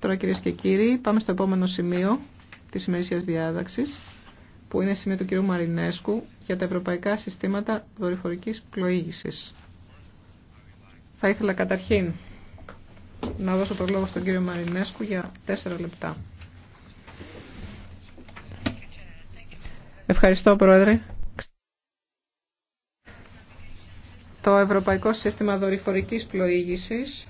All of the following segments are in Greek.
Τώρα κύριε και κύριοι, πάμε στο επόμενο σημείο της ημερησία διάταξης, που είναι σημείο του κυρίου Μαρινέσκου για τα ευρωπαϊκά συστήματα δορυφορικής πλοήγησης. Θα ήθελα καταρχήν να δώσω το λόγο στον κύριο Μαρινέσκου για τέσσερα λεπτά. Ευχαριστώ, Πρόεδρε. Το Ευρωπαϊκό Σύστημα Δορυφορικής Πλοήγησης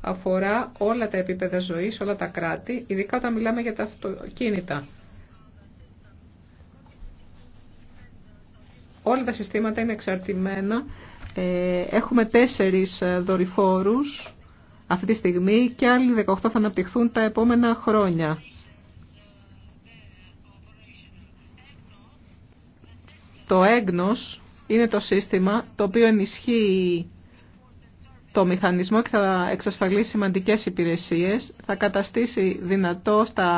αφορά όλα τα επίπεδα ζωής, όλα τα κράτη, ειδικά όταν μιλάμε για τα αυτοκίνητα. Όλα τα συστήματα είναι εξαρτημένα. Ε, έχουμε τέσσερις ε, δορυφόρους αυτή τη στιγμή και άλλοι 18 θα αναπτυχθούν τα επόμενα χρόνια. Το έγνος είναι το σύστημα το οποίο ενισχύει το μηχανισμό και θα εξασφαλίσει σημαντικές υπηρεσίες, θα καταστήσει δυνατό στα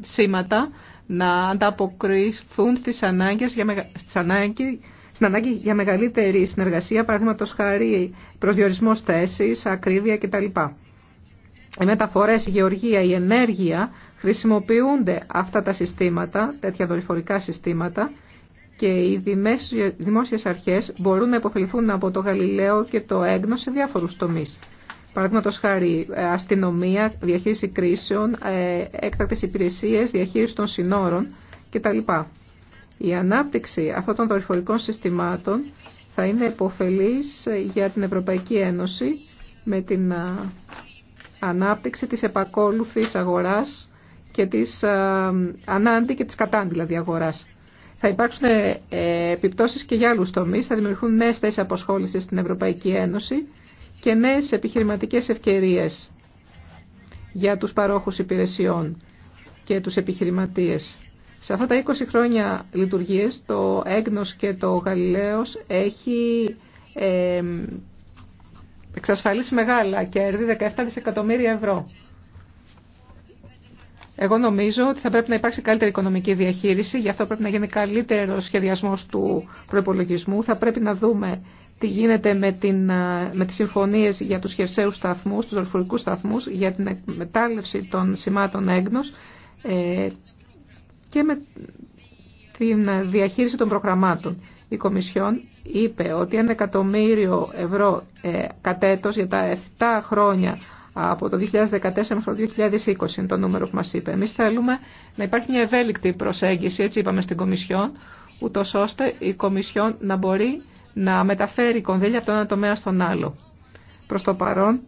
σήματα να ανταποκριθούν στις ανάγκες για, ανάγκη, στην ανάγκη για μεγαλύτερη συνεργασία, παραδείγματο χάρη προσδιορισμό θέση, ακρίβεια κτλ. Οι μεταφορέ, η γεωργία, η ενέργεια χρησιμοποιούνται αυτά τα συστήματα, τέτοια δορυφορικά συστήματα, και οι δημόσιες αρχές μπορούν να υποφεληθούν από το Γαλιλαίο και το έγνο σε διάφορους τομείς. Παραδείγματο χάρη ε, αστυνομία, διαχείριση κρίσεων, ε, έκτακτες υπηρεσίες, διαχείριση των συνόρων κτλ. Η ανάπτυξη αυτών των δορυφορικών συστημάτων θα είναι υποφελής ε, για την Ευρωπαϊκή Ένωση με την ανάπτυξη της επακόλουθης αγοράς και της ανάντη και της κατάντη δηλαδή αγοράς θα υπάρξουν ε, επιπτώσεις και για άλλους τομείς, θα δημιουργούν νέες θέσεις αποσχόλησης στην Ευρωπαϊκή Ένωση και νέες επιχειρηματικές ευκαιρίες για τους παρόχους υπηρεσιών και τους επιχειρηματίες. Σε αυτά τα 20 χρόνια λειτουργίες, το έγνος και το γαλιλαίος έχει ε, εξασφαλίσει μεγάλα κέρδη 17 δισεκατομμύρια ευρώ. Εγώ νομίζω ότι θα πρέπει να υπάρξει καλύτερη οικονομική διαχείριση, γι' αυτό πρέπει να γίνει καλύτερο σχεδιασμό του προπολογισμού. Θα πρέπει να δούμε τι γίνεται με, την, με τις συμφωνίες για τους χερσαίους σταθμούς, τους ορφουρικούς σταθμούς, για την εκμετάλλευση των σημάτων έγνος ε, και με την διαχείριση των προγραμμάτων. Η Κομισιόν είπε ότι ένα εκατομμύριο ευρώ ε, κατέτος για τα 7 χρόνια από το 2014 μέχρι το 2020 είναι το νούμερο που μας είπε. Εμείς θέλουμε να υπάρχει μια ευέλικτη προσέγγιση, έτσι είπαμε στην Κομισιόν, ούτω ώστε η Κομισιόν να μπορεί να μεταφέρει κονδύλια από το ένα τομέα στον άλλο. Προς το παρόν,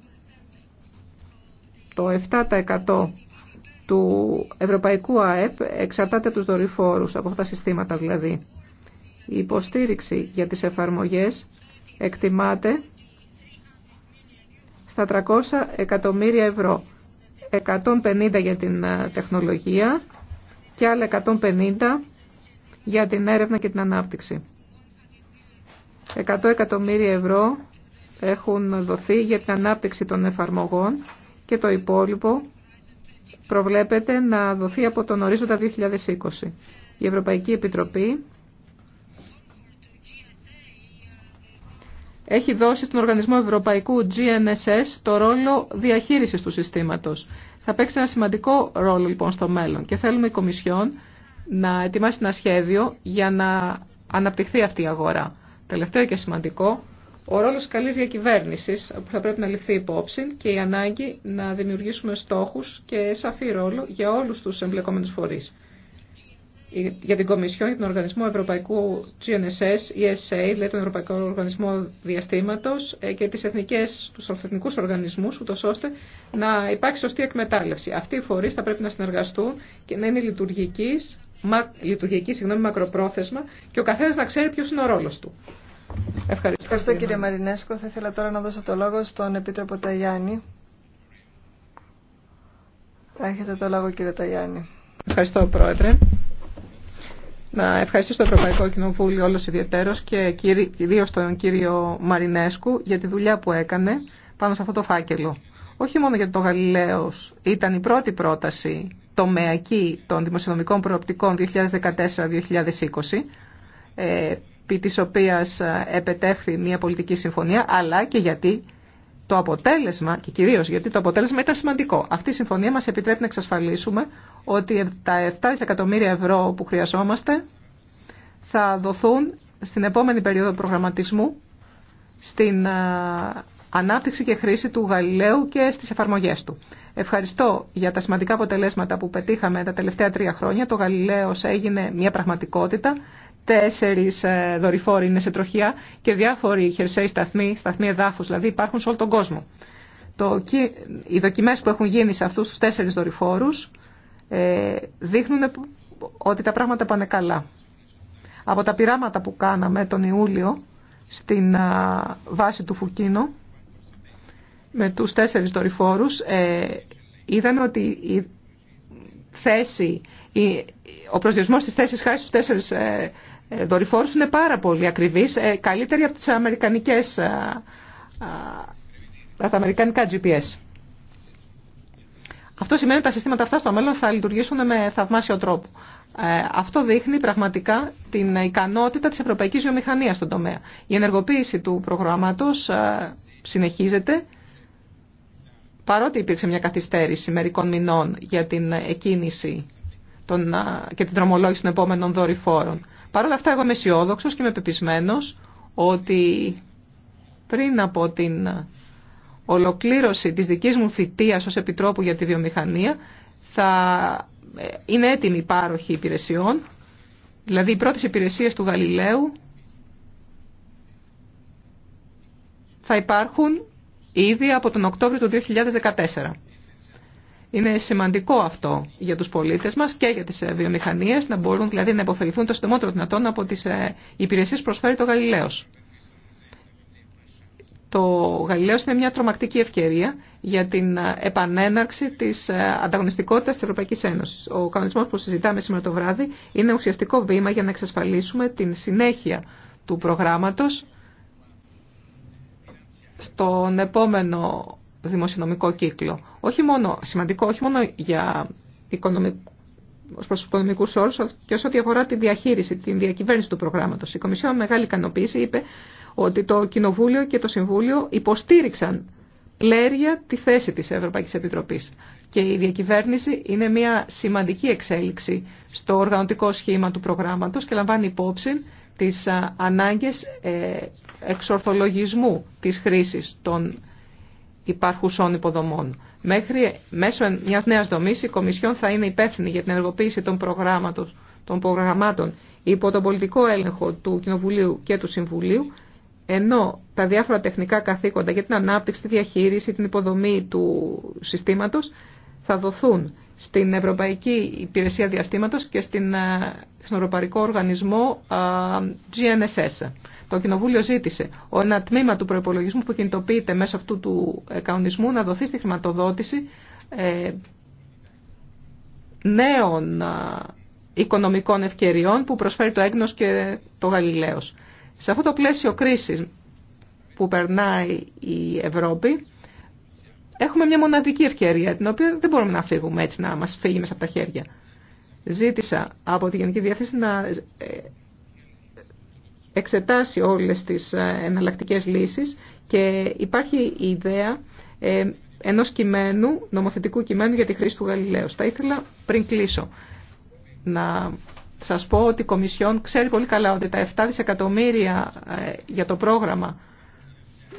το 7% του ευρωπαϊκού ΑΕΠ εξαρτάται τους δορυφόρους, από αυτά τα συστήματα δηλαδή. Η υποστήριξη για τις εφαρμογές εκτιμάται στα 300 εκατομμύρια ευρώ. 150 για την ε, τεχνολογία και άλλα 150 για την έρευνα και την ανάπτυξη. 100 εκατομμύρια ευρώ έχουν δοθεί για την ανάπτυξη των εφαρμογών και το υπόλοιπο προβλέπεται να δοθεί από τον ορίζοντα 2020. Η Ευρωπαϊκή Επιτροπή έχει δώσει στον οργανισμό ευρωπαϊκού GNSS το ρόλο διαχείρισης του συστήματος. Θα παίξει ένα σημαντικό ρόλο λοιπόν στο μέλλον και θέλουμε η Κομισιόν να ετοιμάσει ένα σχέδιο για να αναπτυχθεί αυτή η αγορά. Τελευταίο και σημαντικό, ο ρόλος καλής διακυβέρνησης που θα πρέπει να ληφθεί υπόψη και η ανάγκη να δημιουργήσουμε στόχους και σαφή ρόλο για όλους τους εμπλεκόμενους φορείς για την Κομισιόν, για τον Οργανισμό Ευρωπαϊκού GNSS, ESA, δηλαδή τον Ευρωπαϊκό Οργανισμό Διαστήματο ε, και τις εθνικές, τους εθνικούς οργανισμούς, ούτως ώστε να υπάρξει σωστή εκμετάλλευση. Αυτοί οι φορείς θα πρέπει να συνεργαστούν και να είναι λειτουργικοί, μα, λειτουργική, συγγνώμη, μακροπρόθεσμα και ο καθένας να ξέρει ποιος είναι ο ρόλος του. Ευχαριστώ, Ευχαριστώ κύριε Μαρινέσκο. Θα ήθελα τώρα να δώσω το λόγο στον Επίτροπο Ταγιάννη. Έχετε το λόγο κύριε Ταγιάννη. Ευχαριστώ Πρόεδρε. Να ευχαριστήσω το Ευρωπαϊκό Κοινοβούλιο όλος ιδιαίτερος και ιδίω τον κύριο Μαρινέσκου για τη δουλειά που έκανε πάνω σε αυτό το φάκελο. Όχι μόνο γιατί το Γαλιλαίος ήταν η πρώτη πρόταση τομεακή των δημοσιονομικών προοπτικών 2014-2020, ε, επί της οποίας ε, επετέχθη μια πολιτική συμφωνία, αλλά και γιατί το αποτέλεσμα, και κυρίως γιατί το αποτέλεσμα ήταν σημαντικό, αυτή η συμφωνία μας επιτρέπει να εξασφαλίσουμε ότι τα 7 δισεκατομμύρια ευρώ που χρειαζόμαστε θα δοθούν στην επόμενη περίοδο προγραμματισμού στην ε, ανάπτυξη και χρήση του Γαλιλαίου και στις εφαρμογές του. Ευχαριστώ για τα σημαντικά αποτελέσματα που πετύχαμε τα τελευταία τρία χρόνια. Το Γαλιλαίος έγινε μια πραγματικότητα τέσσερις ε, δορυφόροι είναι σε τροχιά και διάφοροι χερσαίοι σταθμοί, σταθμοί εδάφους δηλαδή υπάρχουν σε όλο τον κόσμο. Το, οι δοκιμέ που έχουν γίνει σε αυτούς τους τέσσερις δορυφόρους ε, δείχνουν ότι τα πράγματα πάνε καλά. Από τα πειράματα που κάναμε τον Ιούλιο στην βάση του Φουκίνο με τους τέσσερις δορυφόρους ε, είδαμε ότι η θέση ο προσδιορισμός της θέσης χάρη στους τέσσερις ε, ε, δορυφόρους είναι πάρα πολύ ακριβής, ε, καλύτερη από τις τα αμερικανικά GPS. Αυτό σημαίνει ότι τα συστήματα αυτά στο μέλλον θα λειτουργήσουν με θαυμάσιο τρόπο. αυτό δείχνει πραγματικά την ικανότητα της ευρωπαϊκής βιομηχανίας στον τομέα. Η ενεργοποίηση του προγράμματος συνεχίζεται, παρότι υπήρξε μια καθυστέρηση μερικών μηνών για την εκκίνηση και την τρομολόγηση των επόμενων δορυφόρων. Παρ' όλα αυτά εγώ είμαι αισιόδοξο και είμαι πεπισμένο ότι πριν από την ολοκλήρωση της δικής μου θητείας ως Επιτρόπου για τη Βιομηχανία θα ε, είναι έτοιμη η πάροχη υπηρεσιών, δηλαδή οι πρώτες υπηρεσίες του Γαλιλαίου θα υπάρχουν ήδη από τον Οκτώβριο του 2014. Είναι σημαντικό αυτό για τους πολίτες μας και για τις ε, βιομηχανίες να μπορούν δηλαδή να υποφεληθούν το συντομότερο δυνατόν από τις ε, υπηρεσίες που προσφέρει το Γαλιλαίος. Το Γαλιλαίος είναι μια τρομακτική ευκαιρία για την ε, επανέναρξη της ανταγωνιστικότητας της Ευρωπαϊκής Ένωσης. Ο κανονισμός που συζητάμε σήμερα το βράδυ είναι ουσιαστικό βήμα για να εξασφαλίσουμε την συνέχεια του προγράμματος στον επόμενο δημοσιονομικό κύκλο. Όχι μόνο, σημαντικό όχι μόνο για οικονομικό, ως προς τους οικονομικούς όρους και ως ό,τι αφορά τη διαχείριση, την διακυβέρνηση του προγράμματος. Η Κομισιόν μεγάλη ικανοποίηση είπε ότι το Κοινοβούλιο και το Συμβούλιο υποστήριξαν πλέρια τη θέση της Ευρωπαϊκής Επιτροπής. Και η διακυβέρνηση είναι μια σημαντική εξέλιξη στο οργανωτικό σχήμα του προγράμματος και λαμβάνει υπόψη τις ανάγκες ε, εξορθολογισμού της χρήσης των υπάρχουσών υποδομών. Μέχρι μέσω μια νέα δομή, η Κομισιόν θα είναι υπεύθυνη για την ενεργοποίηση των, προγραμμάτων υπό τον πολιτικό έλεγχο του Κοινοβουλίου και του Συμβουλίου, ενώ τα διάφορα τεχνικά καθήκοντα για την ανάπτυξη, τη διαχείριση, την υποδομή του συστήματος θα δοθούν στην Ευρωπαϊκή Υπηρεσία Διαστήματος και στην, ε, στον Ευρωπαϊκό Οργανισμό ε, GNSS. Το Κοινοβούλιο ζήτησε ένα τμήμα του προπολογισμού που κινητοποιείται μέσω αυτού του ε, κανονισμού να δοθεί στη χρηματοδότηση ε, νέων οικονομικών ευκαιριών που προσφέρει το έγνος και το Γαλιλαίος. Σε αυτό το πλαίσιο κρίσης που περνάει η Ευρώπη, έχουμε μια μοναδική ευκαιρία, την οποία δεν μπορούμε να φύγουμε έτσι, να μας φύγει μέσα από τα χέρια. Ζήτησα από τη Γενική Διεύθυνση να ε, εξετάσει όλες τις ε, εναλλακτικέ λύσεις και υπάρχει η ιδέα ε, ενός κειμένου, νομοθετικού κειμένου για τη χρήση του Γαλιλαίου. Θα ήθελα πριν κλείσω να σας πω ότι η Κομισιόν ξέρει πολύ καλά ότι τα 7 δισεκατομμύρια ε, για το πρόγραμμα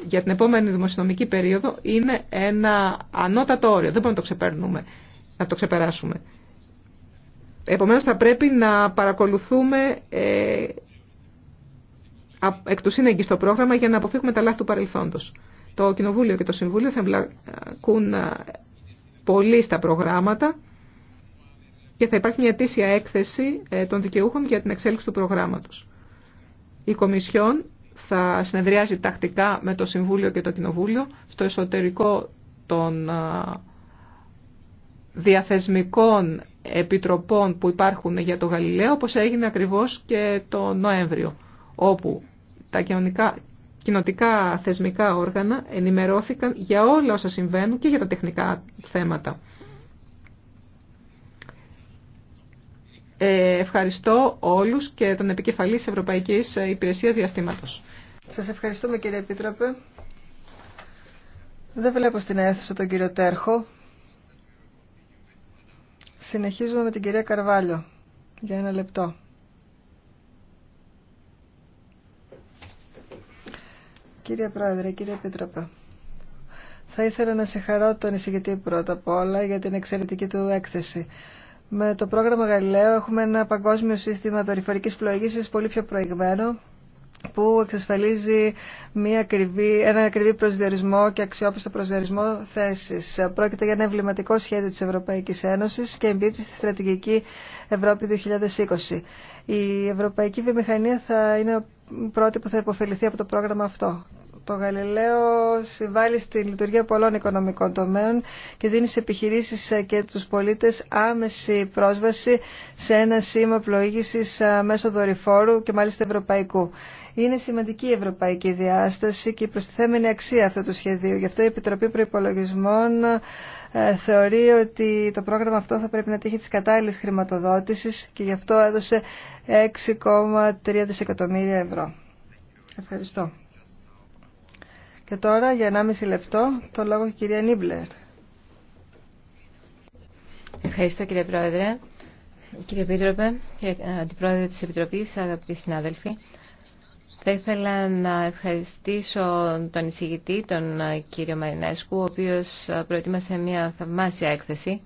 για την επόμενη δημοσιονομική περίοδο είναι ένα ανώτατο όριο. Δεν μπορούμε να το ξεπερνούμε, να το ξεπεράσουμε. Επομένως θα πρέπει να παρακολουθούμε εκ του σύνεγγυ στο πρόγραμμα για να αποφύγουμε τα λάθη του παρελθόντος. Το Κοινοβούλιο και το Συμβούλιο θα εμπλακούν ε, πολύ στα προγράμματα και θα υπάρχει μια αιτήσια έκθεση ε, των δικαιούχων για την εξέλιξη του προγράμματος. Η Κομισιόν θα συνεδριάζει τακτικά με το Συμβούλιο και το Κοινοβούλιο στο εσωτερικό των ε, διαθεσμικών επιτροπών που υπάρχουν για το Γαλιλαίο, όπως έγινε ακριβώς και το Νοέμβριο όπου τα κοινωνικά, κοινοτικά θεσμικά όργανα ενημερώθηκαν για όλα όσα συμβαίνουν και για τα τεχνικά θέματα. Ε, ευχαριστώ όλους και τον επικεφαλής Ευρωπαϊκής Υπηρεσίας Διαστήματος. Σας ευχαριστούμε κύριε Επίτροπε. Δεν βλέπω στην αίθουσα τον κύριο Τέρχο. Συνεχίζουμε με την κυρία Καρβάλιο για ένα λεπτό. Κύριε Πρόεδρε, κύριε Επίτροπε, θα ήθελα να συγχαρώ τον εισηγητή πρώτα απ' όλα για την εξαιρετική του έκθεση. Με το πρόγραμμα Γαλιλαίο έχουμε ένα παγκόσμιο σύστημα δορυφορικής πλοήγησης πολύ πιο προηγμένο που εξασφαλίζει μια ακριβή, ένα ακριβή προσδιορισμό και αξιόπιστο προσδιορισμό θέσης. Πρόκειται για ένα εμβληματικό σχέδιο της Ευρωπαϊκής Ένωσης και εμπίπτει στη στρατηγική Ευρώπη 2020. Η Ευρωπαϊκή Βιομηχανία θα είναι πρώτη που θα υποφεληθεί από το πρόγραμμα αυτό το Γαλιλαίο συμβάλλει στη λειτουργία πολλών οικονομικών τομέων και δίνει σε επιχειρήσεις ε, και τους πολίτες άμεση πρόσβαση σε ένα σήμα πλοήγησης ε, μέσω δορυφόρου και μάλιστα ευρωπαϊκού. Είναι σημαντική η ευρωπαϊκή διάσταση και η προστιθέμενη αξία αυτού του σχεδίου. Γι' αυτό η Επιτροπή Προϋπολογισμών ε, θεωρεί ότι το πρόγραμμα αυτό θα πρέπει να τύχει της κατάλληλης χρηματοδότησης και γι' αυτό έδωσε 6,3 δισεκατομμύρια ευρώ. Ευχαριστώ. Και τώρα για 1,5 λεπτό το λόγο η κυρία Νίμπλερ. Ευχαριστώ κύριε Πρόεδρε, κύριε Επίτροπε, κύριε Αντιπρόεδρε της Επιτροπής, αγαπητοί συνάδελφοι. Θα ήθελα να ευχαριστήσω τον εισηγητή, τον κύριο Μαρινέσκου, ο οποίος προετοίμασε μια θαυμάσια έκθεση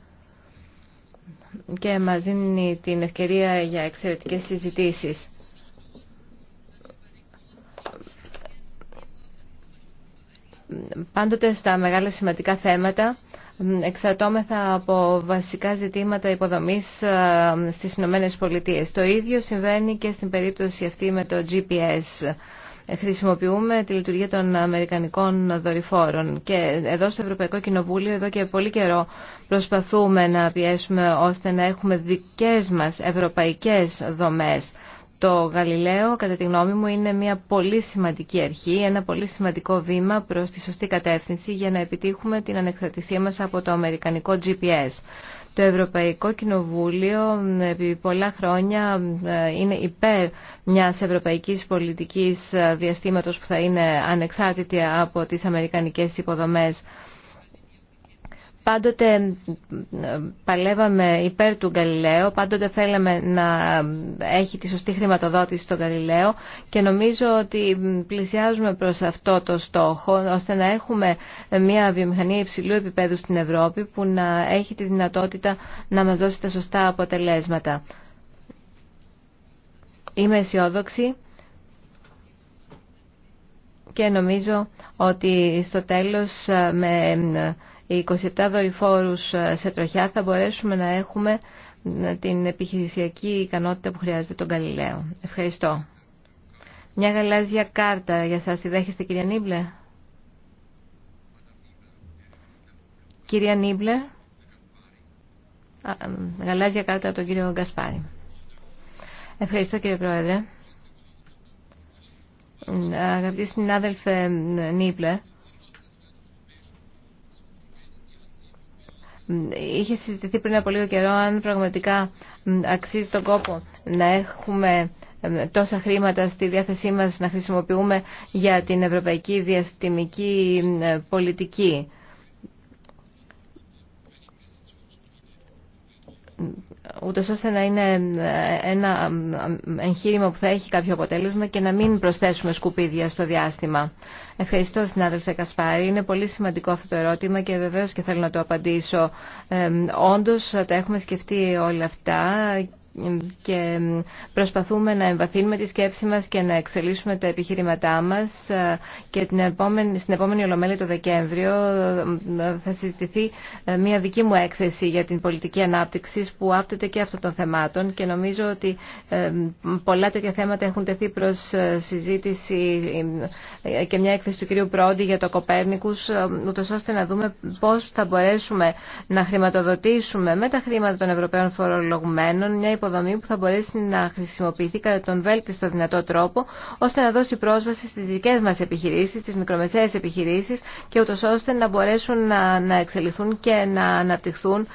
και μας δίνει την ευκαιρία για εξαιρετικές συζητήσεις. πάντοτε στα μεγάλα σημαντικά θέματα εξαρτώμεθα από βασικά ζητήματα υποδομής ε, στις Ηνωμένες Πολιτείες. Το ίδιο συμβαίνει και στην περίπτωση αυτή με το GPS. Χρησιμοποιούμε τη λειτουργία των Αμερικανικών δορυφόρων και εδώ στο Ευρωπαϊκό Κοινοβούλιο εδώ και πολύ καιρό προσπαθούμε να πιέσουμε ώστε να έχουμε δικές μας ευρωπαϊκές δομές το Γαλιλαίο, κατά τη γνώμη μου, είναι μια πολύ σημαντική αρχή, ένα πολύ σημαντικό βήμα προς τη σωστή κατεύθυνση για να επιτύχουμε την ανεξαρτησία μας από το αμερικανικό GPS. Το Ευρωπαϊκό Κοινοβούλιο ε, επί πολλά χρόνια ε, είναι υπέρ μιας ευρωπαϊκής πολιτικής ε, διαστήματος που θα είναι ανεξάρτητη από τις αμερικανικές υποδομές. Πάντοτε παλεύαμε υπέρ του Γκαλιλαίου, πάντοτε θέλαμε να έχει τη σωστή χρηματοδότηση στον Γαλιλαίο και νομίζω ότι πλησιάζουμε προς αυτό το στόχο ώστε να έχουμε μια βιομηχανία υψηλού επίπεδου στην Ευρώπη που να έχει τη δυνατότητα να μας δώσει τα σωστά αποτελέσματα. Είμαι αισιόδοξη και νομίζω ότι στο τέλος ε, με 27 δορυφόρους ε, σε τροχιά θα μπορέσουμε να έχουμε ε, την επιχειρησιακή ικανότητα που χρειάζεται τον Καλλιλέο. Ευχαριστώ. Μια γαλάζια κάρτα για σας. Τη δέχεστε κυρία Νίμπλε. Κυρία Νίμπλε. Ε, γαλάζια κάρτα από τον κύριο Γκασπάρη. Ευχαριστώ κύριε Πρόεδρε. Αγαπητοί συνάδελφε Νίπλε, Είχε συζητηθεί πριν από λίγο καιρό αν πραγματικά αξίζει τον κόπο να έχουμε τόσα χρήματα στη διάθεσή μας να χρησιμοποιούμε για την ευρωπαϊκή διαστημική πολιτική. ούτως ώστε να είναι ε, ένα ε, εγχείρημα που θα έχει κάποιο αποτέλεσμα και να μην προσθέσουμε σκουπίδια στο διάστημα. Ευχαριστώ, συνάδελφε Κασπάρη. Είναι πολύ σημαντικό αυτό το ερώτημα και βεβαίω και θέλω να το απαντήσω. Ε, όντως, τα έχουμε σκεφτεί όλα αυτά και προσπαθούμε να εμβαθύνουμε τη σκέψη μας και να εξελίσσουμε τα επιχειρηματά μας ε, και την επόμενη, στην επόμενη Ολομέλη το Δεκέμβριο ε, θα συζητηθεί ε, μια δική μου έκθεση για την πολιτική ανάπτυξη που άπτεται και αυτών των θεμάτων και νομίζω ότι πολλά τέτοια θέματα έχουν τεθεί προς συζήτηση και μια έκθεση του κυρίου Πρόντι για το Κοπέρνικους ούτως ώστε να δούμε πώς θα μπορέσουμε να χρηματοδοτήσουμε με τα χρήματα των Ευρωπαίων Φορολογουμένων μια υποδομή που θα μπορέσει να χρησιμοποιηθεί κατά τον βέλτιστο δυνατό τρόπο, ώστε να δώσει πρόσβαση στι δικέ μα επιχειρήσει, στις μικρομεσαίες επιχειρήσει, και ούτω ώστε να μπορέσουν να, να εξελιχθούν και να αναπτυχθούν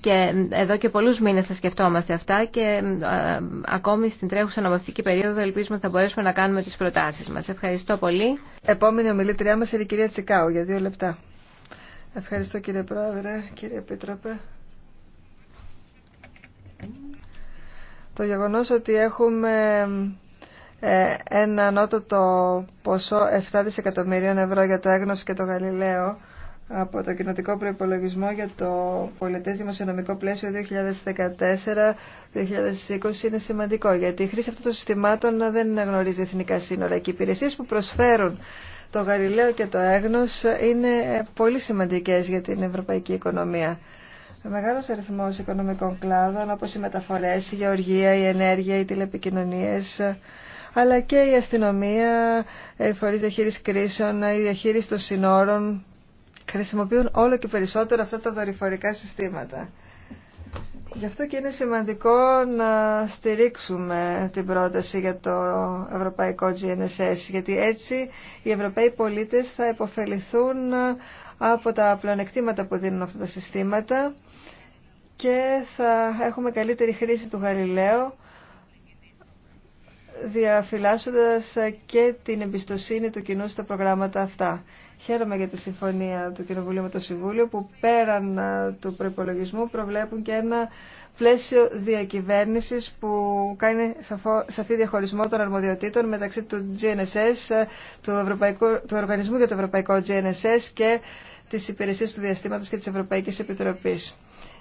και εδώ και πολλούς μήνες θα σκεφτόμαστε αυτά και ε, ακόμη στην τρέχουσα νομοθετική περίοδο ελπίζουμε ότι θα μπορέσουμε να κάνουμε τις προτάσεις μας. Ευχαριστώ πολύ. Επόμενη ομιλήτριά μας είναι η κυρία Τσικάου για δύο λεπτά. Ευχαριστώ κύριε Πρόεδρε, κύριε Επίτροπε. το γεγονός ότι έχουμε ε, ένα ανώτατο ποσό 7 δισεκατομμυρίων ευρώ για το έγνος και το Γαλιλαίο από το κοινοτικό προϋπολογισμό για το πολιτές δημοσιονομικό πλαίσιο 2014-2020 είναι σημαντικό γιατί η χρήση αυτών των συστημάτων δεν γνωρίζει εθνικά σύνορα και οι υπηρεσίε που προσφέρουν το Γαλιλαίο και το έγνος είναι πολύ σημαντικές για την ευρωπαϊκή οικονομία μεγάλο αριθμό οικονομικών κλάδων όπω οι μεταφορέ, η γεωργία, η ενέργεια, οι τηλεπικοινωνίες αλλά και η αστυνομία, οι φορεί διαχείριση κρίσεων, η διαχείριση των συνόρων χρησιμοποιούν όλο και περισσότερο αυτά τα δορυφορικά συστήματα. Γι' αυτό και είναι σημαντικό να στηρίξουμε την πρόταση για το ευρωπαϊκό GNSS, γιατί έτσι οι ευρωπαίοι πολίτες θα υποφεληθούν από τα πλεονεκτήματα που δίνουν αυτά τα συστήματα και θα έχουμε καλύτερη χρήση του Γαλιλαίου διαφυλάσσοντας και την εμπιστοσύνη του κοινού στα προγράμματα αυτά. Χαίρομαι για τη συμφωνία του Κοινοβουλίου με το Συμβούλιο που πέραν ε, του προϋπολογισμού προβλέπουν και ένα πλαίσιο διακυβέρνησης που κάνει σαφή διαχωρισμό των αρμοδιοτήτων μεταξύ του GNSS, ε, του, Ευρωπαϊκού, του Οργανισμού για το Ευρωπαϊκό GNSS και της Υπηρεσίας του Διαστήματος και της Ευρωπαϊκής Επιτροπής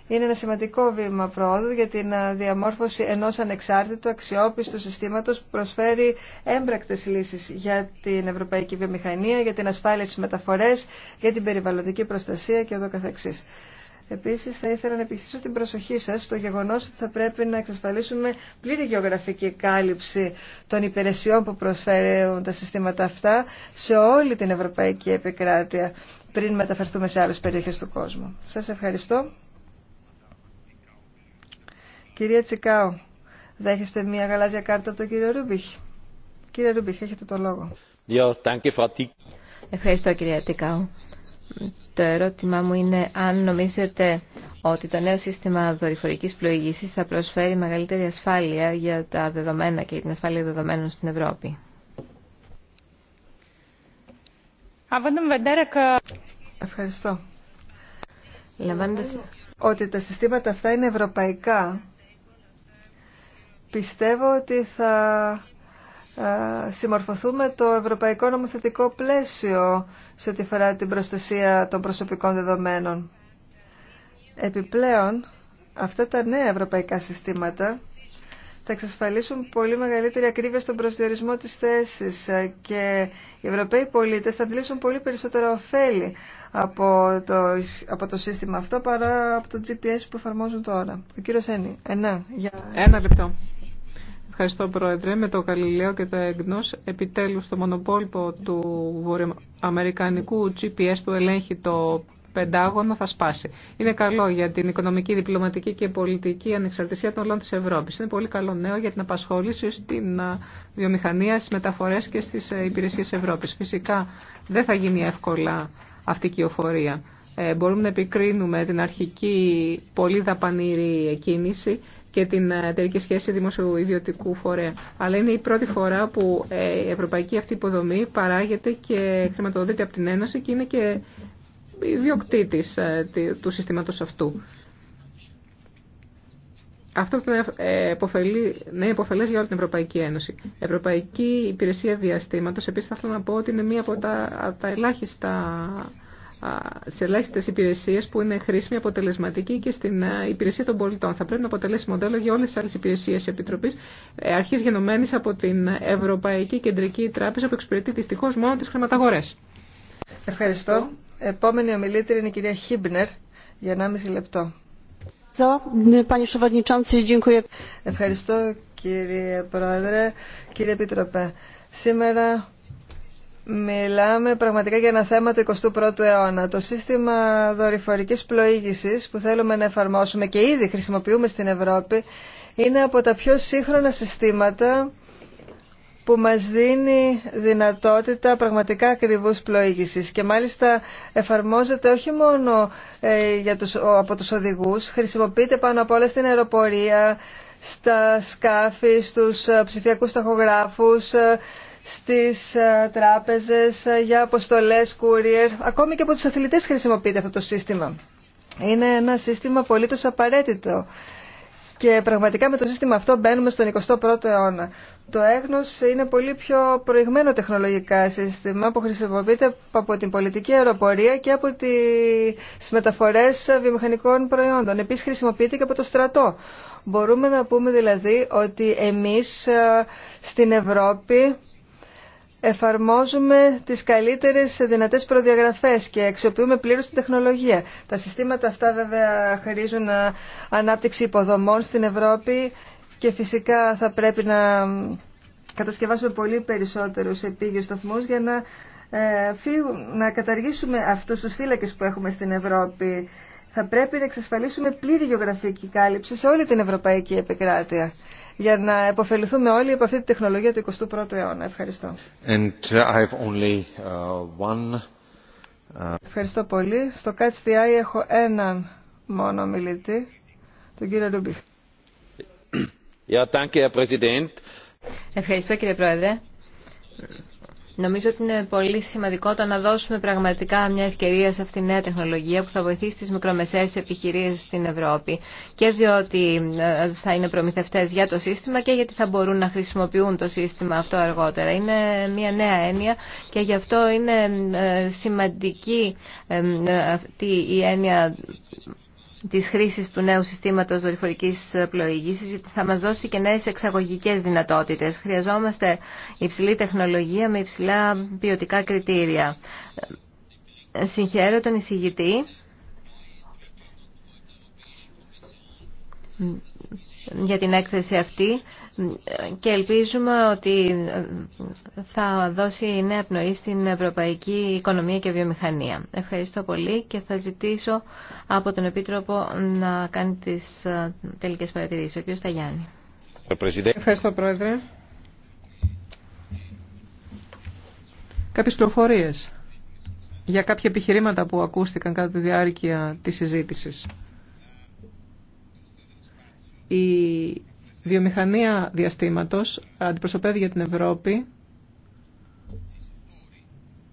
είναι ένα σημαντικό βήμα πρόοδου για την διαμόρφωση ενός ανεξάρτητου αξιόπιστου συστήματος που προσφέρει έμπρακτες λύσεις για την ευρωπαϊκή βιομηχανία, για την ασφάλεια στις μεταφορές, για την περιβαλλοντική προστασία και ούτω καθεξής. Επίση, θα ήθελα να επιστήσω την προσοχή σα στο γεγονό ότι θα πρέπει να εξασφαλίσουμε πλήρη γεωγραφική κάλυψη των υπηρεσιών που προσφέρουν τα συστήματα αυτά σε όλη την ευρωπαϊκή επικράτεια πριν μεταφερθούμε σε άλλε περιοχέ του κόσμου. Σα ευχαριστώ. Κυρία Τσικάου, δέχεστε μια γαλάζια κάρτα από τον κύριο Ρούμπιχ. Κύριε Ρούμπιχ, έχετε το λόγο. Ευχαριστώ κυρία Τσικάου. Το ερώτημά μου είναι αν νομίζετε ότι το νέο σύστημα δορυφορικής πλοήγησης θα προσφέρει μεγαλύτερη ασφάλεια για τα δεδομένα και την ασφάλεια δεδομένων στην Ευρώπη. Ευχαριστώ. Λαμβάνοντας... Ότι τα συστήματα αυτά είναι ευρωπαϊκά πιστεύω ότι θα ε, συμμορφωθούμε το ευρωπαϊκό νομοθετικό πλαίσιο σε ό,τι αφορά την προστασία των προσωπικών δεδομένων. Επιπλέον, αυτά τα νέα ευρωπαϊκά συστήματα θα εξασφαλίσουν πολύ μεγαλύτερη ακρίβεια στον προσδιορισμό της θέσης ε, και οι Ευρωπαίοι πολίτες θα αντιλήσουν πολύ περισσότερα ωφέλη από το, από το σύστημα αυτό παρά από το GPS που εφαρμόζουν τώρα. Ο κύριος Ένι, ένα, ε, για... ένα λεπτό. Ευχαριστώ Πρόεδρε. Με το Καλιλαίο και το Έγνος επιτέλους το μονοπόλπο του βορειοαμερικανικού GPS που ελέγχει το πεντάγωνο θα σπάσει. Είναι καλό για την οικονομική, διπλωματική και πολιτική ανεξαρτησία των όλων της Ευρώπης. Είναι πολύ καλό νέο για την απασχόληση στην βιομηχανία, στις μεταφορές και στις ε, υπηρεσίες Ευρώπης. Φυσικά δεν θα γίνει εύκολα αυτή η κυοφορία. Ε, μπορούμε να επικρίνουμε την αρχική πολύ δαπανήρη κίνηση και την ε, εταιρική σχέση δημοσιοειδιωτικού φορέα. Αλλά είναι η πρώτη φορά που ε, η ευρωπαϊκή αυτή υποδομή παράγεται και χρηματοδοτείται από την Ένωση και είναι και ιδιοκτήτης ε, του συστήματο αυτού. Αυτό θα είναι υποφελές για όλη την Ευρωπαϊκή Ένωση. Η Ευρωπαϊκή Υπηρεσία Διαστήματος, επίσης θα ήθελα να πω ότι είναι μία από τα ελάχιστα σε ελάχιστε υπηρεσίε που είναι χρήσιμη, αποτελεσματική και στην υπηρεσία των πολιτών. Θα πρέπει να αποτελέσει μοντέλο για όλες τις άλλες υπηρεσίες Επιτροπής, ε, αρχής γενομένης από την Ευρωπαϊκή Κεντρική Τράπεζα που εξυπηρετεί δυστυχώ μόνο τις χρηματαγορές. Ευχαριστώ. Επόμενη ομιλήτρια είναι η κυρία Χίμπνερ για 1,5 λεπτό. Ευχαριστώ κύριε Πρόεδρε, κύριε Επιτροπέ. Σήμερα Μιλάμε πραγματικά για ένα θέμα του 21ου αιώνα. Το σύστημα δορυφορικής πλοήγησης που θέλουμε να εφαρμόσουμε και ήδη χρησιμοποιούμε στην Ευρώπη είναι από τα πιο σύγχρονα συστήματα που μας δίνει δυνατότητα πραγματικά ακριβούς πλοήγησης και μάλιστα εφαρμόζεται όχι μόνο ε, για τους, από τους οδηγούς, χρησιμοποιείται πάνω απ' όλα στην αεροπορία, στα σκάφη, στους ε, ψηφιακούς ταχογράφους, ε, στις ε, τράπεζες, ε, για αποστολές, courier. Ακόμη και από τους αθλητές χρησιμοποιείται αυτό το σύστημα. Είναι ένα σύστημα πολύτως απαραίτητο. Και πραγματικά με το σύστημα αυτό μπαίνουμε στον 21ο αιώνα. Το έγνος είναι πολύ πιο προηγμένο τεχνολογικά σύστημα που χρησιμοποιείται από την πολιτική αεροπορία και από τις μεταφορές βιομηχανικών προϊόντων. Επίσης χρησιμοποιείται και από το στρατό. Μπορούμε να πούμε δηλαδή ότι εμείς ε, στην Ευρώπη εφαρμόζουμε τις καλύτερες δυνατές προδιαγραφές και αξιοποιούμε πλήρως την τεχνολογία. Τα συστήματα αυτά βέβαια χαρίζουν ε, ανάπτυξη υποδομών στην Ευρώπη και φυσικά θα πρέπει να κατασκευάσουμε πολύ περισσότερους επίγειους σταθμού για να, ε, να καταργήσουμε αυτούς τους θύλακες που έχουμε στην Ευρώπη. Θα πρέπει να εξασφαλίσουμε πλήρη γεωγραφική κάλυψη σε όλη την Ευρωπαϊκή Επικράτεια για να επωφεληθούμε όλοι από αυτή τη τεχνολογία του 21ου αιώνα. Ευχαριστώ. Uh, uh, uh, Ευχαριστώ πολύ. Στο Catch the Eye έχω έναν μόνο μιλητή, τον κύριο Ρούμπιχ. Ευχαριστώ κύριε Πρόεδρε. Νομίζω ότι είναι πολύ σημαντικό το να δώσουμε πραγματικά μια ευκαιρία σε αυτήν τη νέα τεχνολογία που θα βοηθήσει τις μικρομεσαίες επιχειρήσεις στην Ευρώπη και διότι ε, θα είναι προμηθευτές για το σύστημα και γιατί θα μπορούν να χρησιμοποιούν το σύστημα αυτό αργότερα. Είναι μια νέα έννοια και γι' αυτό είναι ε, σημαντική ε, αυτή η έννοια της χρήσης του νέου συστήματος δορυφορικής πλοήγησης γιατί θα μας δώσει και νέες εξαγωγικές δυνατότητες. Χρειαζόμαστε υψηλή τεχνολογία με υψηλά ποιοτικά κριτήρια. Συγχαίρω τον εισηγητή για την έκθεση αυτή και ελπίζουμε ότι θα δώσει νέα πνοή στην ευρωπαϊκή οικονομία και βιομηχανία. Ευχαριστώ πολύ και θα ζητήσω από τον Επίτροπο να κάνει τις ε, τελικές παρατηρήσεις. Ο κ. Σταγιάννη. Ευχαριστώ Πρόεδρε. Κάποιες πληροφορίες για κάποια επιχειρήματα που ακούστηκαν κατά τη διάρκεια της συζήτησης. Η βιομηχανία διαστήματος αντιπροσωπεύει για την Ευρώπη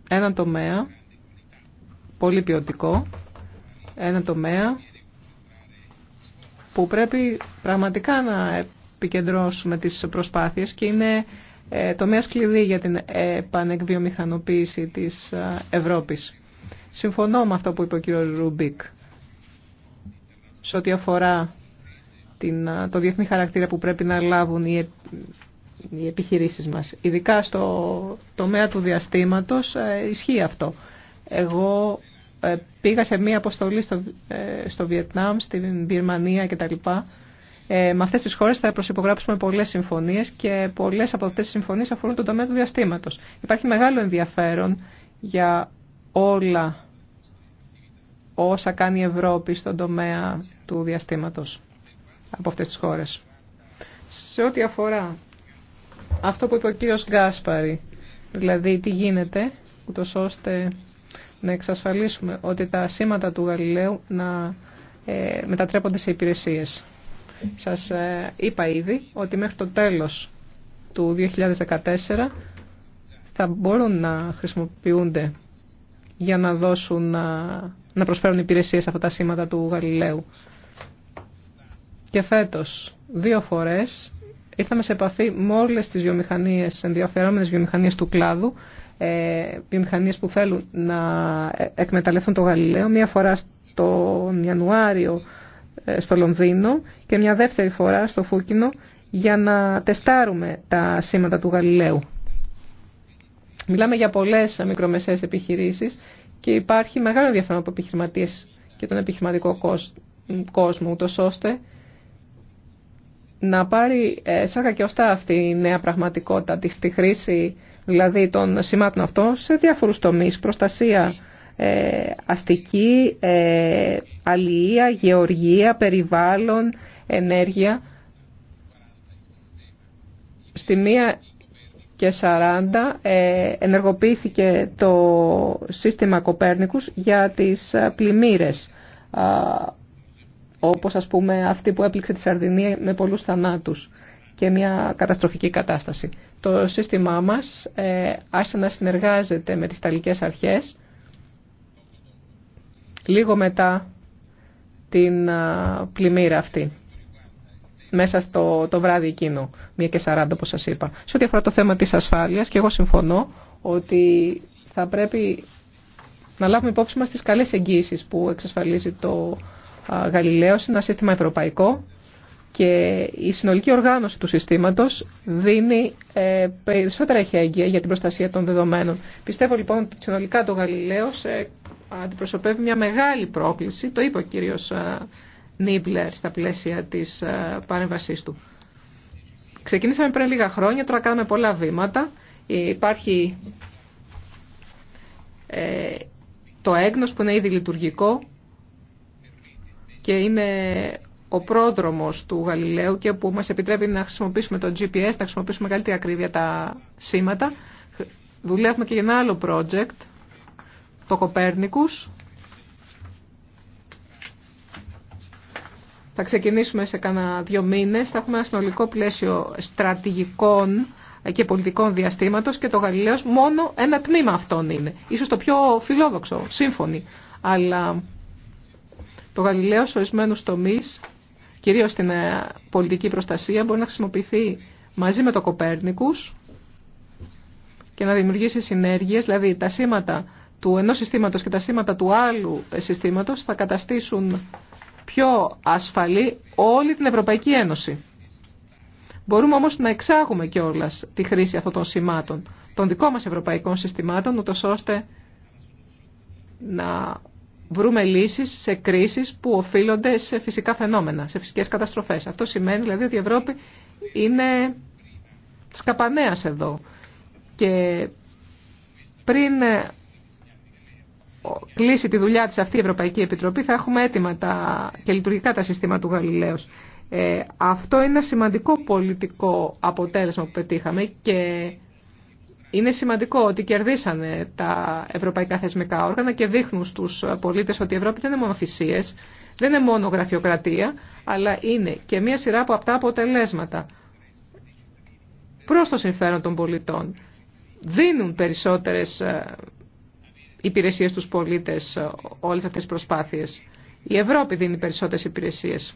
ένα τομέα πολύ ποιοτικό, ένα τομέα που πρέπει πραγματικά να επικεντρώσουμε τις προσπάθειες και είναι ε, τομέας κλειδί για την επανεκβιομηχανοποίηση της ε, Ευρώπης. Συμφωνώ με αυτό που είπε ο κ. Ρούμπικ σε ό,τι αφορά την, το διεθνή χαρακτήρα που πρέπει να λάβουν οι, ε, οι επιχειρήσεις μας. Ειδικά στο τομέα του διαστήματος ε, ισχύει αυτό. Εγώ ε, πήγα σε μία αποστολή στο, στο Βιετνάμ, στην Βιερμανία κτλ. Ε, με αυτές τις χώρες θα προσυπογράψουμε πολλές συμφωνίες και πολλές από αυτές τις συμφωνίες αφορούν τον τομέα του διαστήματος. Υπάρχει μεγάλο ενδιαφέρον για όλα όσα κάνει η Ευρώπη στον τομέα του διαστήματος από αυτές τις χώρες. Σε ό,τι αφορά αυτό που είπε ο κύριος Γκάσπαρη, δηλαδή τι γίνεται, ούτως ώστε να εξασφαλίσουμε ότι τα σήματα του Γαλιλαίου να ε, μετατρέπονται σε υπηρεσίες. Σας ε, είπα ήδη ότι μέχρι το τέλος του 2014 θα μπορούν να χρησιμοποιούνται για να δώσουν να, προσφέρουν υπηρεσίες αυτά τα σήματα του Γαλιλαίου και φέτος δύο φορές ήρθαμε σε επαφή με όλες τις βιομηχανίες, ενδιαφερόμενες βιομηχανίες του κλάδου, ε, βιομηχανίες που θέλουν να ε, εκμεταλλευτούν το Γαλιλαίο, μία φορά τον Ιανουάριο ε, στο Λονδίνο και μια δεύτερη φορά στο Φούκινο για να τεστάρουμε τα σήματα του Γαλιλαίου. Μιλάμε για πολλές μικρομεσαίες επιχειρήσεις και υπάρχει μεγάλο ενδιαφέρον από επιχειρηματίες και τον επιχειρηματικό κόσμο, ούτως ώστε να πάρει ε, σάρκα και ωστά αυτή η νέα πραγματικότητα, τη χρήση δηλαδή των σημάτων αυτών σε διάφορους τομείς, προστασία ε, αστική, ε, αλληλεία, γεωργία, περιβάλλον, ενέργεια. Στη μία και 40 ενεργοποιήθηκε το σύστημα Κοπέρνικους για τις πλημμύρες όπως ας πούμε αυτή που έπληξε τη Σαρδινία με πολλούς θανάτους και μια καταστροφική κατάσταση. Το σύστημά μας ε, άρχισε να συνεργάζεται με τις Ιταλικές Αρχές λίγο μετά την α, πλημμύρα αυτή, μέσα στο το βράδυ εκείνο, μία και 40 όπως σας είπα. Σε ό,τι αφορά το θέμα της ασφάλειας, και εγώ συμφωνώ ότι θα πρέπει να λάβουμε υπόψη μας τις καλές εγγύσεις που εξασφαλίζει το Γαλιλαίος είναι ένα σύστημα ευρωπαϊκό και η συνολική οργάνωση του συστήματος δίνει ε, περισσότερα εχέγγυα για την προστασία των δεδομένων. Πιστεύω λοιπόν ότι συνολικά το Γαλιλαίος αντιπροσωπεύει μια μεγάλη πρόκληση, το είπε ο κύριος Νίμπλερ στα πλαίσια της παρέμβασής του. Ξεκινήσαμε πριν λίγα χρόνια, τώρα κάνουμε πολλά βήματα. Υπάρχει ε, το έγνος που είναι ήδη λειτουργικό και είναι ο πρόδρομος του Γαλιλαίου και που μας επιτρέπει να χρησιμοποιήσουμε το GPS, να χρησιμοποιήσουμε καλύτερη ακρίβεια τα σήματα. Δουλεύουμε και για ένα άλλο project, το Κοπέρνικους. Θα ξεκινήσουμε σε κάνα δύο μήνες. Θα έχουμε ένα συνολικό πλαίσιο στρατηγικών και πολιτικών διαστήματος και το Γαλιλαίος μόνο ένα τμήμα αυτών είναι. Ίσως το πιο φιλόδοξο, σύμφωνοι. Αλλά το Γαλιλαίο σε ορισμένου τομεί, κυρίω στην ε, πολιτική προστασία, μπορεί να χρησιμοποιηθεί μαζί με το Κοπέρνικου και να δημιουργήσει συνέργειε. δηλαδή τα σήματα του ενός συστήματος και τα σήματα του άλλου ε, συστήματος θα καταστήσουν πιο ασφαλή όλη την Ευρωπαϊκή Ένωση. Μπορούμε όμως να εξάγουμε κιόλα τη χρήση αυτών των σημάτων, των δικών μας ευρωπαϊκών συστημάτων, ώστε να βρούμε λύσει σε κρίσεις που οφείλονται σε φυσικά φαινόμενα, σε φυσικές καταστροφές. Αυτό σημαίνει δηλαδή ότι η Ευρώπη είναι σκαπανέας εδώ. Και πριν ε, κλείσει τη δουλειά της αυτή η Ευρωπαϊκή Επιτροπή θα έχουμε έτοιμα τα, και λειτουργικά τα συστήματα του Γαλιλαίου. Ε, αυτό είναι ένα σημαντικό πολιτικό αποτέλεσμα που πετύχαμε και είναι σημαντικό ότι κερδίσανε τα ευρωπαϊκά θεσμικά όργανα και δείχνουν στους πολίτες ότι η Ευρώπη δεν είναι μόνο θυσίε, δεν είναι μόνο γραφειοκρατία, αλλά είναι και μία σειρά από αυτά αποτελέσματα προς το συμφέρον των πολιτών. Δίνουν περισσότερες ε, υπηρεσίες στους πολίτες ε, όλες αυτές τις προσπάθειες. Η Ευρώπη δίνει περισσότερες υπηρεσίες.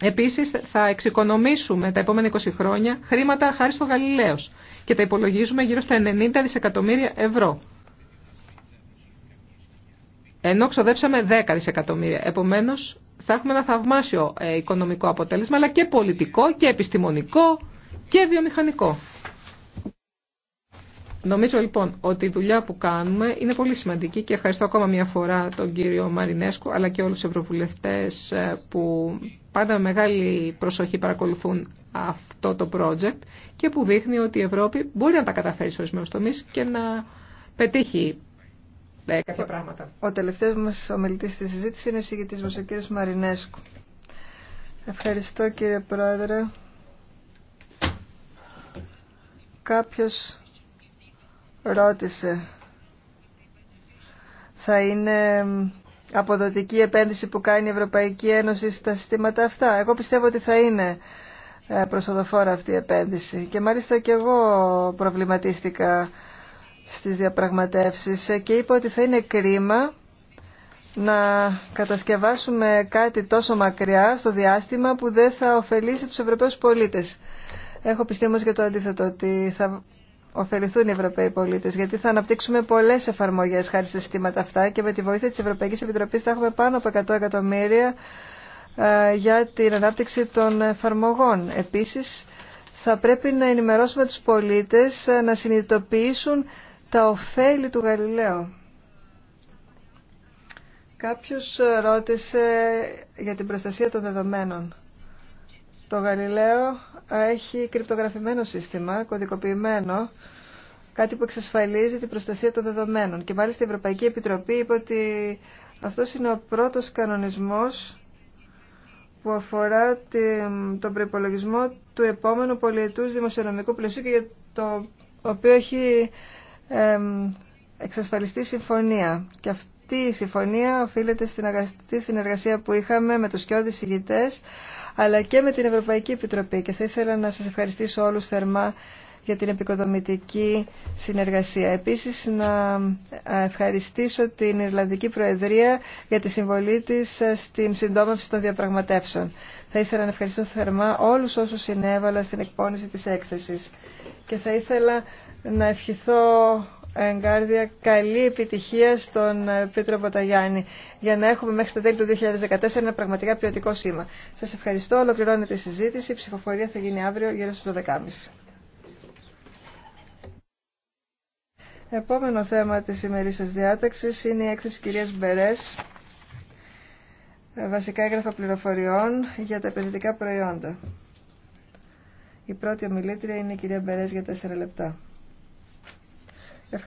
Επίσης θα εξοικονομήσουμε τα επόμενα 20 χρόνια χρήματα χάρη στο Γαλιλαίος και τα υπολογίζουμε γύρω στα 90 δισεκατομμύρια ευρώ. Ενώ ξοδέψαμε 10 δισεκατομμύρια. Επομένω, θα έχουμε ένα θαυμάσιο ε, οικονομικό αποτέλεσμα, αλλά και πολιτικό και επιστημονικό και βιομηχανικό. Νομίζω λοιπόν ότι η δουλειά που κάνουμε είναι πολύ σημαντική και ευχαριστώ ακόμα μια φορά τον κύριο Μαρινέσκο αλλά και όλους τους ευρωβουλευτές ε, που πάντα με μεγάλη προσοχή παρακολουθούν αυτό το project και που δείχνει ότι η Ευρώπη μπορεί να τα καταφέρει σε ορισμένου τομεί και να πετύχει ε, κάποια πράγματα. Ο τελευταίο μα ομιλητή στη συζήτηση είναι ο συγγητή μα, ο κύριο Μαρινέσκου. Ευχαριστώ κύριε Πρόεδρε. Κάποιος ρώτησε θα είναι αποδοτική επένδυση που κάνει η Ευρωπαϊκή Ένωση στα συστήματα αυτά. Εγώ πιστεύω ότι θα είναι ε, προσοδοφόρα αυτή η επένδυση. Και μάλιστα και εγώ προβληματίστηκα στις διαπραγματεύσεις ε, και είπα ότι θα είναι κρίμα να κατασκευάσουμε κάτι τόσο μακριά στο διάστημα που δεν θα ωφελήσει τους Ευρωπαίους πολίτες. Έχω πιστεί και το αντίθετο ότι θα ωφεληθούν οι Ευρωπαίοι πολίτε, γιατί θα αναπτύξουμε πολλέ εφαρμογέ χάρη στα συστήματα αυτά και με τη βοήθεια τη Ευρωπαϊκή Επιτροπή θα έχουμε πάνω από 100 εκατομμύρια ε, για την ανάπτυξη των εφαρμογών. Επίση, θα πρέπει να ενημερώσουμε τους πολίτες ε, να συνειδητοποιήσουν τα ωφέλη του Γαλιλαίου. Κάποιο ε, ρώτησε για την προστασία των δεδομένων. Το Γαλιλαίο έχει κρυπτογραφημένο σύστημα, κωδικοποιημένο, κάτι που εξασφαλίζει την προστασία των δεδομένων. Και μάλιστα η Ευρωπαϊκή Επιτροπή είπε ότι αυτό είναι ο πρώτος κανονισμός που αφορά τον προπολογισμό του επόμενου πολιετού δημοσιονομικού πλαισίου και για το οποίο έχει εξασφαλιστεί συμφωνία. Και αυτό αυτή η συμφωνία οφείλεται στην αγαστή συνεργασία που είχαμε με τους κοιόδης ηγητές αλλά και με την Ευρωπαϊκή Επιτροπή και θα ήθελα να σας ευχαριστήσω όλους θερμά για την επικοδομητική συνεργασία. Επίσης να ευχαριστήσω την Ιρλανδική Προεδρία για τη συμβολή της στην συντόμευση των διαπραγματεύσεων. Θα ήθελα να ευχαριστήσω θερμά όλους όσους συνέβαλα στην εκπόνηση της έκθεσης. Και θα ήθελα να ευχηθώ εγκάρδια καλή επιτυχία στον Πίτρο Μποταγιάννη για να έχουμε μέχρι τα τέλη του 2014 ένα πραγματικά ποιοτικό σήμα. Σας ευχαριστώ. Ολοκληρώνεται η συζήτηση. Η ψηφοφορία θα γίνει αύριο γύρω στι 12.30. Επόμενο θέμα της σημερινής διάταξη είναι η έκθεση κυρία Μπερέ, βασικά έγγραφα πληροφοριών για τα επενδυτικά προϊόντα. Η πρώτη ομιλήτρια είναι η κυρία Μπερέ για 4 λεπτά.